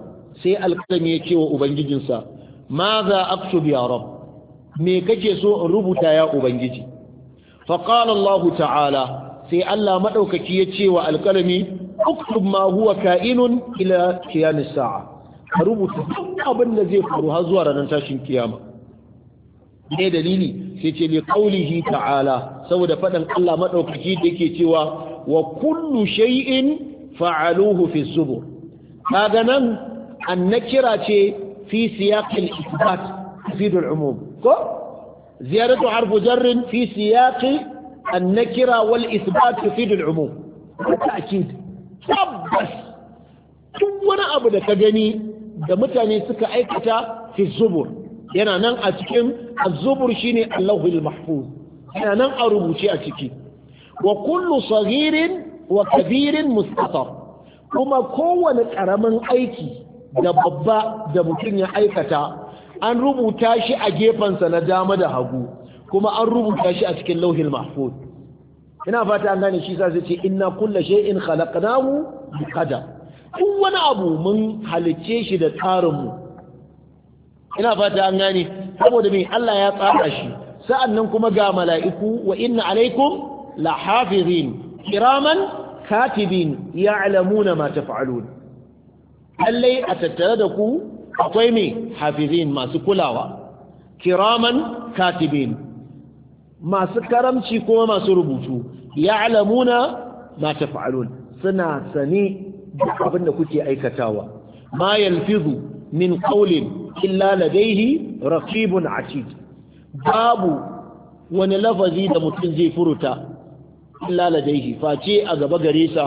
sai alƙalami ya ce wa ubangijinsa ma aktub ya rab me kake so in rubuta ya ubangiji fa qala Allah ta'ala sai Allah madaukaki ya ce wa alƙalami uktub ma huwa ka'inun ila qiyamis sa'a ka rubuta duk abin da zai faru har zuwa ranar tashin kiyama ne dalili sai ce li qaulihi ta'ala saboda fadan Allah madaukaki da yake cewa wa kullu shay'in fa'aluhu fi zubur kaga nan annakira ce fi siyaq al-ithbat tufid al-umum ko ziyaratu harfu jar fi siyaq النكرة والإثبات تفيد العموم tabbas duk wani abu da ka gani da mutane suka aikata fi zubur yana nan a cikin azubur shine allahul mahfuz yana nan a rubuce a ciki wa kullu saghirin wa kabirin mustatar kuma kowane karamin aiki da babba da mutum ya aikata an rubuta shi a gefensa na dama da hagu kuma an rubuta shi a cikin lauhin mahfuz ina fata an gane shi sa sai ce inna kulla in khalaqnahu bi qadar duk wani abu mun halicce shi da tsarin mu ina fata an gane saboda me Allah ya tsara shi sa'annan kuma ga mala'iku wa inna alaikum la kiraman katibin ya'lamuna ma taf'alun lallai a tattare da ku akwai me hafizin masu kulawa kiraman katibin masu karamci kuma masu rubutu ya alamuna ma fa’alun suna sani da abin da kuke aikatawa ma yalfizu min qawlin illa ladayhi raqibun atid babu wani lafazi da mutum zai furuta illa ladayhi face a gaba gare sa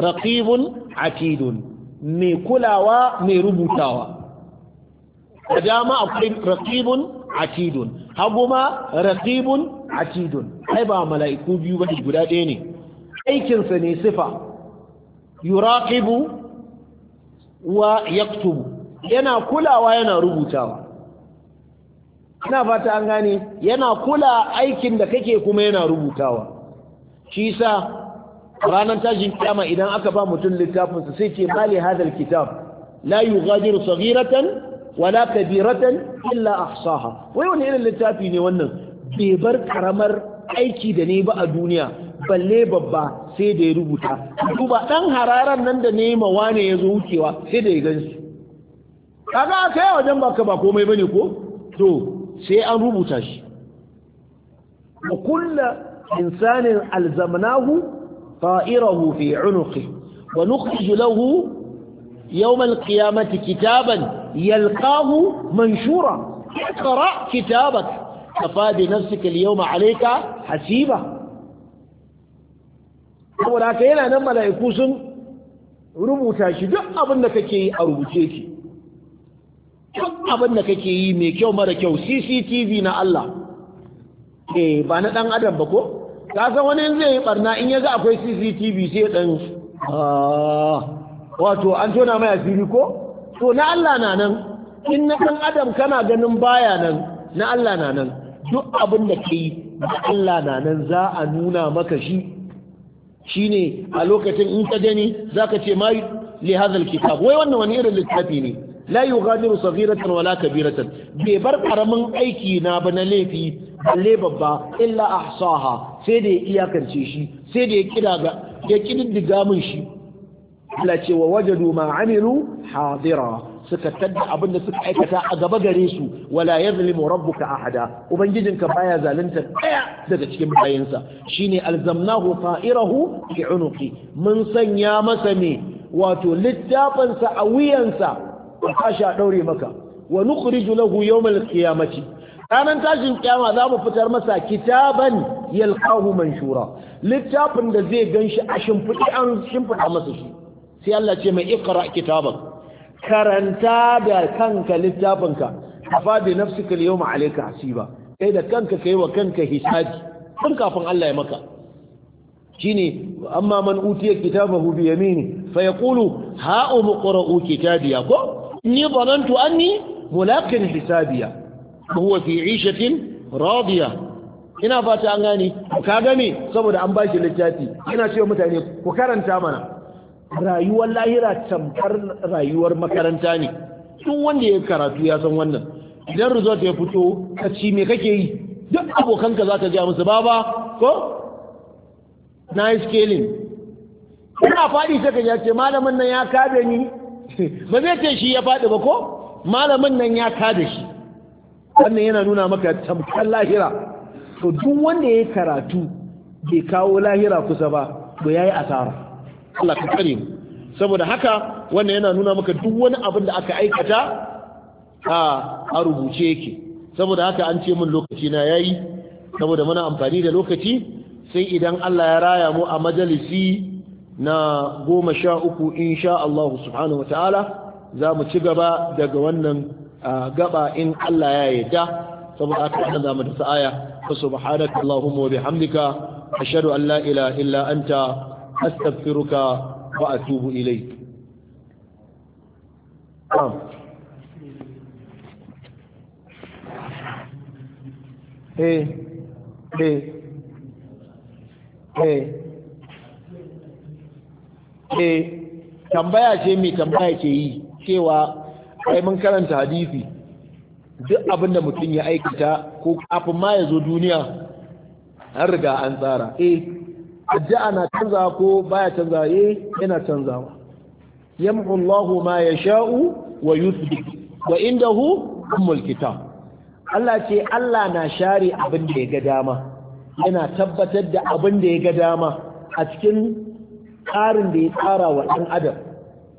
raqibun atidun mai kulawa mai rubutawa da dama akwai raqibun atidun Haguma ma raqibun atidun ai ba mala'iku biyu ba guda ɗaya ne aikinsa ne sifa yuraqibu wa yaktubu yana kulawa yana rubutawa ina fata an gane yana kula aikin da kake kuma yana rubutawa shi sa ranar tashin kyama idan aka ba mutum littafinsa sai ce mali hadal kitab la yughadiru saghiratan wala kabiratan illa ahsaha wai wani irin littafi ne wannan bai bar karamar aiki da ne ba a duniya balle babba sai da ya rubuta duba dan hararan nan da nema wane ya zo wucewa sai da ya gansu kaga kai wajen baka ba komai ne ko to sai an rubuta shi wa kulla insanin alzamnahu ta'irahu fi 'unuqi wa nukhrij lahu يوم القيامة كتابا يلقاه منشورا اقرأ كتابك تفادي نفسك اليوم عليك حسيبة ولكن هنا نما لا mala'iku sun rubuta أبنك كي أربوتيك da kake yi a rubuce shi duk سي da kake yi mai kyau eh ba na dan adam ba ko ka san wani zai barna in ya ga akwai cctv sai dan ah wato an tona mai asiri ko to na Allah na nan in na adam kana ganin baya nan na Allah na nan duk abin da ke yi da Allah na nan za a nuna maka shi shine a lokacin in ka gani zaka ce mai li hadal kitab wai wannan wani irin littafi ne la yughadiru saghiratan wala kabiratan bai bar karamin aiki na ba na laifi balle babba illa ahsaha sai da ya iyakance shi sai da ya kididdiga min shi Allah ce wa wajadu ma amilu hadira suka tadda abin da suka aikata a gaba gare su wala yazlimu rabbuka ahada ubangijinka baya zalunta daya daga cikin bayinsa shine alzamnahu ta'irahu fi unuqi mun sanya masa ne wato littafin sa a wuyansa a kashi a daure maka wa nukhriju lahu yawmal qiyamati ranar tashin kiyama za mu fitar masa kitaban yalqahu manshura littafin da zai ganshi a shimfiɗi an shimfiɗa masa shi sai Allah ce mai iqra kitabak karanta da kanka littafinka kafa bi nafsika al-yawma alayka hasiba kai da kanka kai wa kanka hisabi tun kafin Allah ya maka shine amma man utiya kitabahu bi yamini fa yaqulu ha umqra'u kitabiya ko ni banantu anni mulaqin hisabiya huwa fi 'ishatin radiya ina fata an gani. ka gane saboda an bashi littafi ina cewa mutane ku karanta mana rayuwar lahira tamkar rayuwar makaranta ne duk wanda ya karatu ya san wannan idan result ya fito ka ci me kake yi duk abokanka za ka ja musu baba ko na yi scaling ina faɗi sai ka ya ce malamin nan ya da ni *laughs* ba zai ce shi ya faɗi ba ko malamin nan ya ka da shi wannan yana nuna maka tamkar lahira to duk wanda ya karatu bai kawo lahira kusa ba ya yayi asara Allah ka mu saboda haka wannan yana nuna maka duk wani abin da aka aikata a rubuce yake saboda haka an ce min lokaci na yayi saboda muna amfani da lokaci sai idan Allah ya raya mu a majalisi na goma sha uku insha Allah subhanahu wataala za mu ci gaba daga wannan gaba in Allah ya yarda saboda haka ana za da sa'aya subhanaka allahumma wa bihamdika ashhadu an la ilaha illa anta astaghfiruka wa atubu ilayk eh eh eh tambaya ce mai tambaya ke yi cewa ai mun karanta hadisi duk abin da mutum ya aikata ko kafin ma ya zo duniya an riga an tsara eh addu'a na canza ko baya canza, eh yana canzawa yamhu Allahu ma yasha'u wa yuthbit wa indahu ummul kitab Allah ce Allah na share abin da ya ga dama yana tabbatar da abin da ya ga dama a cikin tsarin da ya tsara wa ɗan adam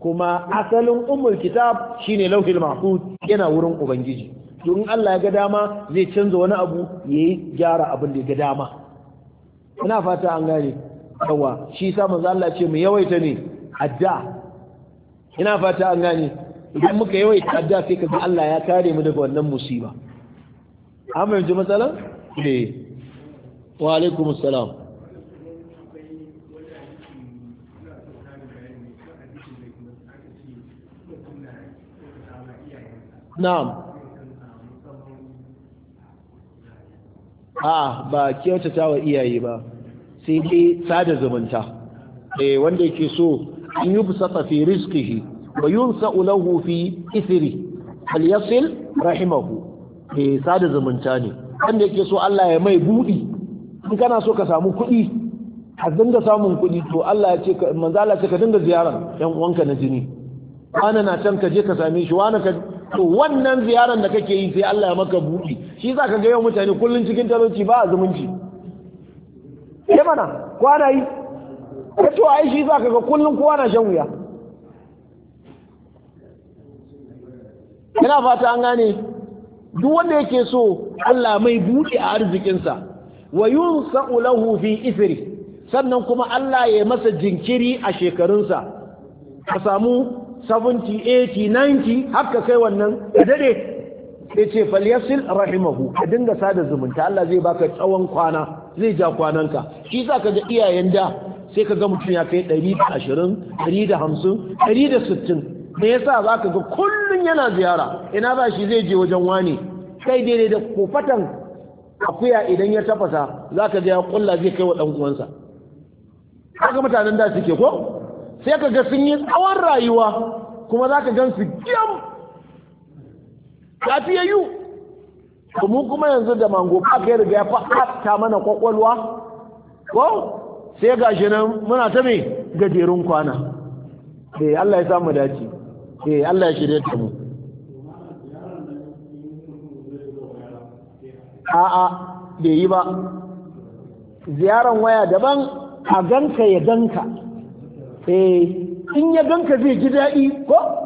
kuma asalin umul kitab shine lauhil mahfuz yana wurin ubangiji to Allah ya ga dama zai canza wani abu yayi gyara abin da ya ga dama ina fata an gane yawa shi sa manzo Allah ce mu yawaita ne adda ina fata an gane idan muka yawaita adda sai kaga Allah ya kare mu daga wannan musiba an fahimci matsalan eh wa alaikum assalam na'am a ba kyautata wa iyaye ba sai dai sada zumunta eh wanda yake so an yi busata fi rizqihi wa yunsa lahu fi isri hal yasil rahimahu eh sada zumunta ne wanda yake so Allah ya mai budi in kana so ka samu kuɗi ka dinga samun kuɗi to Allah ya ce ka manzo Allah ce ka dinga ziyara. yan uwanka na jini wani na can ka je ka same shi wani ka to wannan ziyaran da kake yi sai Allah ya maka budi shi za ka gaya mutane kullum cikin talauci ba a zumunci Ya mana kwana yi ka to ai shi za ka ga kullum kowa na shan wuya Yana fata an gane duk wanda yake so Allah mai buɗe a arzikinsa wa yun lahu fi isri sannan kuma Allah ya masa jinkiri a shekarunsa ka samu 70 80 90 haka kai wannan da dade sai ce falyasil rahimahu ka dinga sada zumunta Allah zai baka tsawon kwana zai ja kwananka shi za ka ga iyayen da sai ka ga mutum ya kai 120 150 160 me yasa za ka ga kullun yana ziyara ina za shi zai je wajen wani kai dai-dai da kofatan akuya idan ya tafasa za ka ga ya kulla zai kai wa dan uwansa kaga mutanen da suke ko sai ka ga sun yi tsawon rayuwa kuma za ka gan su lafiyayyu mu kuma yanzu da mango ba yi riga ya fa'ata mana kwakwalwa ko sai ga shi nan muna ta mai gajerun kwana eh Allah ya samu dace eh Allah ya shirya ta mu a'a bai yi ba ziyaran waya daban a ganka ya ganka eh in ya ganka zai ji daɗi ko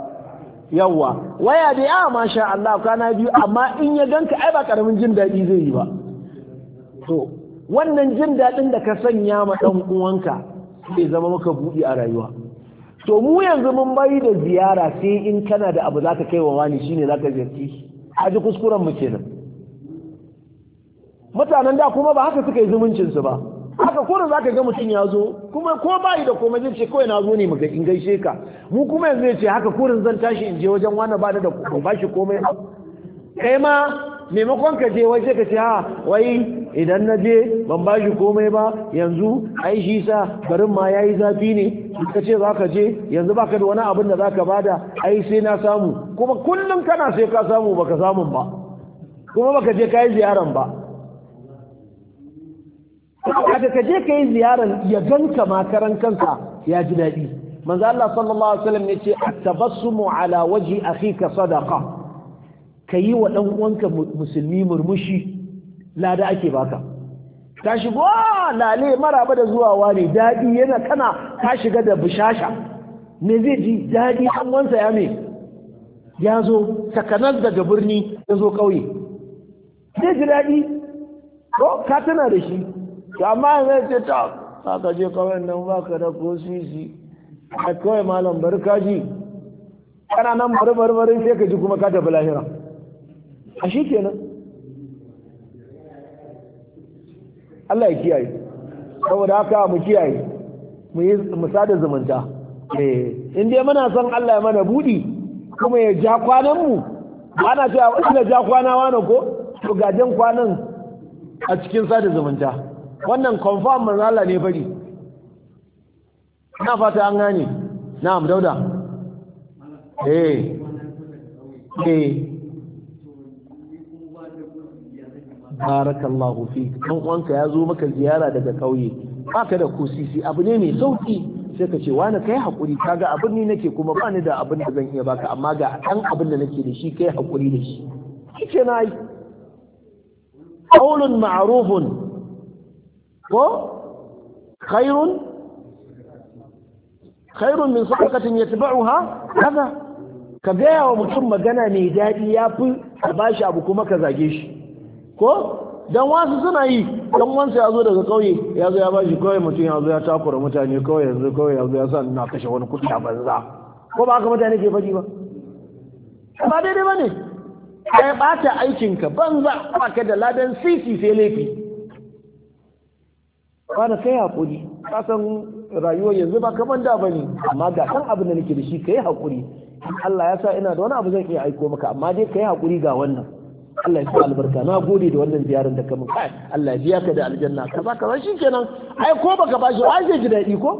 yawwa waya da ya ah, masha Allah kwana biyu amma in ya ganka ai ba karamin jin daɗi zai yi ba to wannan jin daɗin da ka sanya ma ɗan uwanka zai zama maka buɗi a rayuwa to mu yanzu mun bari da ziyara sai in kana da abu zaka kai wa wani shine zaka ziyarci a ji kuskuren mu kenan mutanen da kuma ba haka suka yi zumuncin su ba haka kurin za ka ga mutum ya zo kuma ko bayi da komai zai ce kawai na zo ne maka in gaishe ka mu kuma yanzu ya ce haka kurin zan tashi in je wajen wani ba da ba shi komai kai ma maimakon ka je wai sai ka ce ha wai idan na je ban ba shi komai ba yanzu ai shi sa garin ma yayi zafi ne ka ce za ka je yanzu baka da wani abin da za ka bada ai sai na samu kuma kullum kana sai ka samu baka samun ba kuma baka je ka yi ziyaran ba haka ka je ka yi ziyarar ya ganka makaran kanka ya ji daɗi manzo Allah sallallahu alaihi wasallam ya ce tabassumu ala waji akhika sadaqa kayi wa dan uwanka musulmi murmushi lada ake baka ka shigo ah, lale maraba da zuwa wani daɗi yana kana ka shiga da bishasha me zai ji daɗi an wansa ya me ya zo sakanar daga birni ya zo ƙauye zai ji daɗi ko ka tana da shi amma zai ce ta ka je kawai nan ba ka da ko sisi a kawai malam bar kaji kana nan bar bar bar sai ka ji kuma ka tafi lahira a shi kenan Allah ya kiyaye saboda haka mu kiyaye mu yi mu sada zumunta eh in dai muna son Allah ya mana budi kuma ya ja kwanan mu ana cewa wani ja kwana wani ko to gajen kwanan a cikin sada zumunta wannan confirm manzo Allah ne bari na fata an gane na'am dauda eh eh barakallahu fi dan uwanka ya zo maka ziyara daga kauye haka da kusisi abu ne mai sauki sai ka ce wani kai hakuri kaga abin ni nake kuma ba ni da abin da zan iya baka amma ga dan abin da nake da shi kai hakuri da shi kike nayi qawlun ma'rufun ko khairun khairun min sadaqatin yatba'uha kaza ka gaya wa mutum magana mai daɗi ya fi bashi abu kuma ka zage shi ko dan wasu suna yi dan wansa ya zo daga kauye ya zo ya bashi kawai mutum ya zo ya takura mutane kawai yanzu kawai ya zo ya san na kashe wani kuɗi a banza ko ba haka mutane ke faɗi ba ba daidai ba ne yi ɓata aikinka banza ba ka da ladan sisi sai laifi wani kai haƙuri kasan rayuwar yanzu ba kaman da ba ne amma ga kan abin da nake da shi kai haƙuri Allah ya sa ina da wani abu zan iya aiko maka amma dai kai haƙuri ga wannan Allah ya sa albarka na gode da wannan ziyarar da kamun kai Allah ya biya ka da aljanna ka ba ka shi kenan ai ko baka ba shi ai zai ji daɗi ko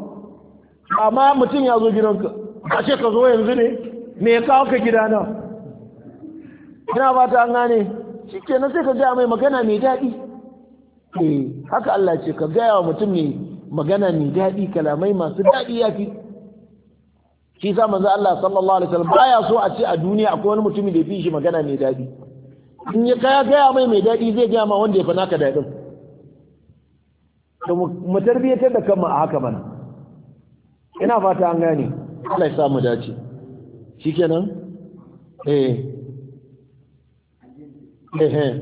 amma mutum ya zo gidanka A ce ka zo yanzu ne me ya kawo ka gidana ina ba ta an gane shi kenan sai ka gaya mai magana mai daɗi eh haka Allah ce ka gaya wa mutum ne magana mai daɗi kalamai masu daɗi ya fi shi sa manzo Allah sallallahu alaihi wasallam baya so a ce a duniya akwai wani mutumi da ya fi shi magana mai daɗi in ya kaya gaya mai mai daɗi zai gaya ma wanda ya fa naka daɗin to mu tarbiyyatar da kanmu a haka mana ina fata an gane Allah ya mu dace shikenan eh eh, eh.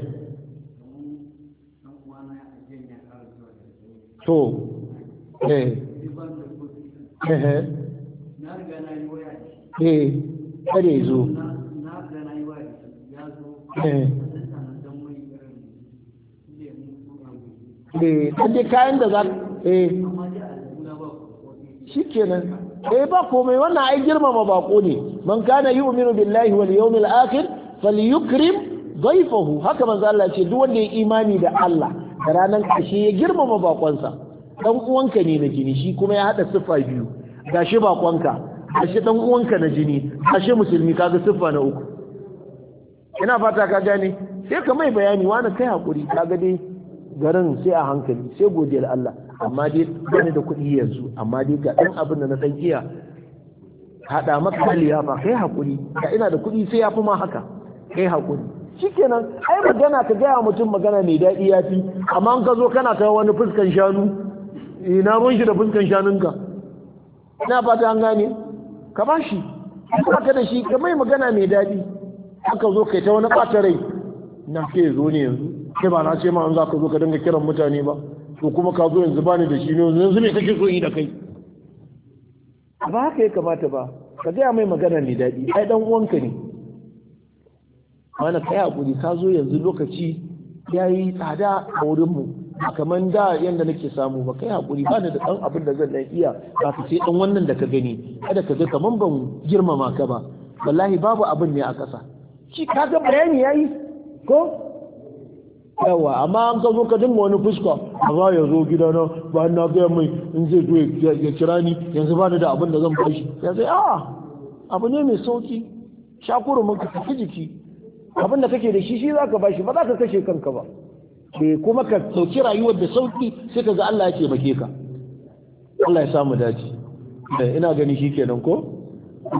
to eh eh eh kare zo eh eh kayan da za eh shi kenan eh ba komai wannan ai girmama bako ne man kana yu'minu billahi wal yawmil akhir falyukrim dhayfahu haka manzo Allah ce duk wanda ya imani da Allah da ranar ƙashe ya girmama bakonsa dan uwanka ne na jini shi kuma ya haɗa siffa biyu gashi bakonka gashi ɗan uwanka na jini gashi musulmi ka ga siffa na uku ina fata ka gane sai ka mai bayani wani kai hakuri kaga dai garin sai a hankali sai godiyar Allah amma dai bani da kuɗi yanzu amma dai ga ɗan abin da na ɗan iya haɗa maka liyafa. kai hakuri ka ina da kuɗi sai ya fi ma haka kai hakuri shikenan ai magana ka gaya mutum magana mai daɗi ya fi amma ka zo kana ta wani fuskan shanu ina mun shi da fuskan shanunka ina fata an gane ka ba shi ka da shi ka mai magana mai daɗi aka zo kai ta wani ɓata rai na ke zo ne yanzu ke ba na ce ma an za ka zo ka dinga kiran mutane ba to kuma ka zo yanzu bani da shi ne yanzu me kake so yi da kai ba haka ya kamata ba ka gaya mai magana mai daɗi ai dan uwanka ne ka kai hakuri ka zo yanzu lokaci ya yi tsada a wurinmu kamar da yadda nake samu ba kai hakuri ba da ɗan abin da zan iya ba ka ce ɗan wannan da ka gani kada ka ga kamar ban girmama ka ba wallahi babu abin ne a ƙasa shi ka ga bayani ya yi ko yawa amma an ka ka dinga wani fuska a za ya zo gidana ba na gaya mai in zai zo ya kira ni yanzu ba da abin da zan bashi ya sai a abu ne mai sauki shakuru muka tafi jiki abin da kake da shi shi za ka ba ba za ka kashe kanka ba ke eh, kuma ka ɗauki rayuwar da sauki sai ka ga Allah ya taimake ka Allah ya samu dace eh, ina gani shi kenan ko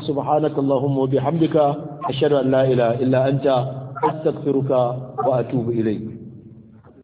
subhanakallahumma wa bihamdika ashhadu an la ilaha illa anta astaghfiruka wa atubu ilayk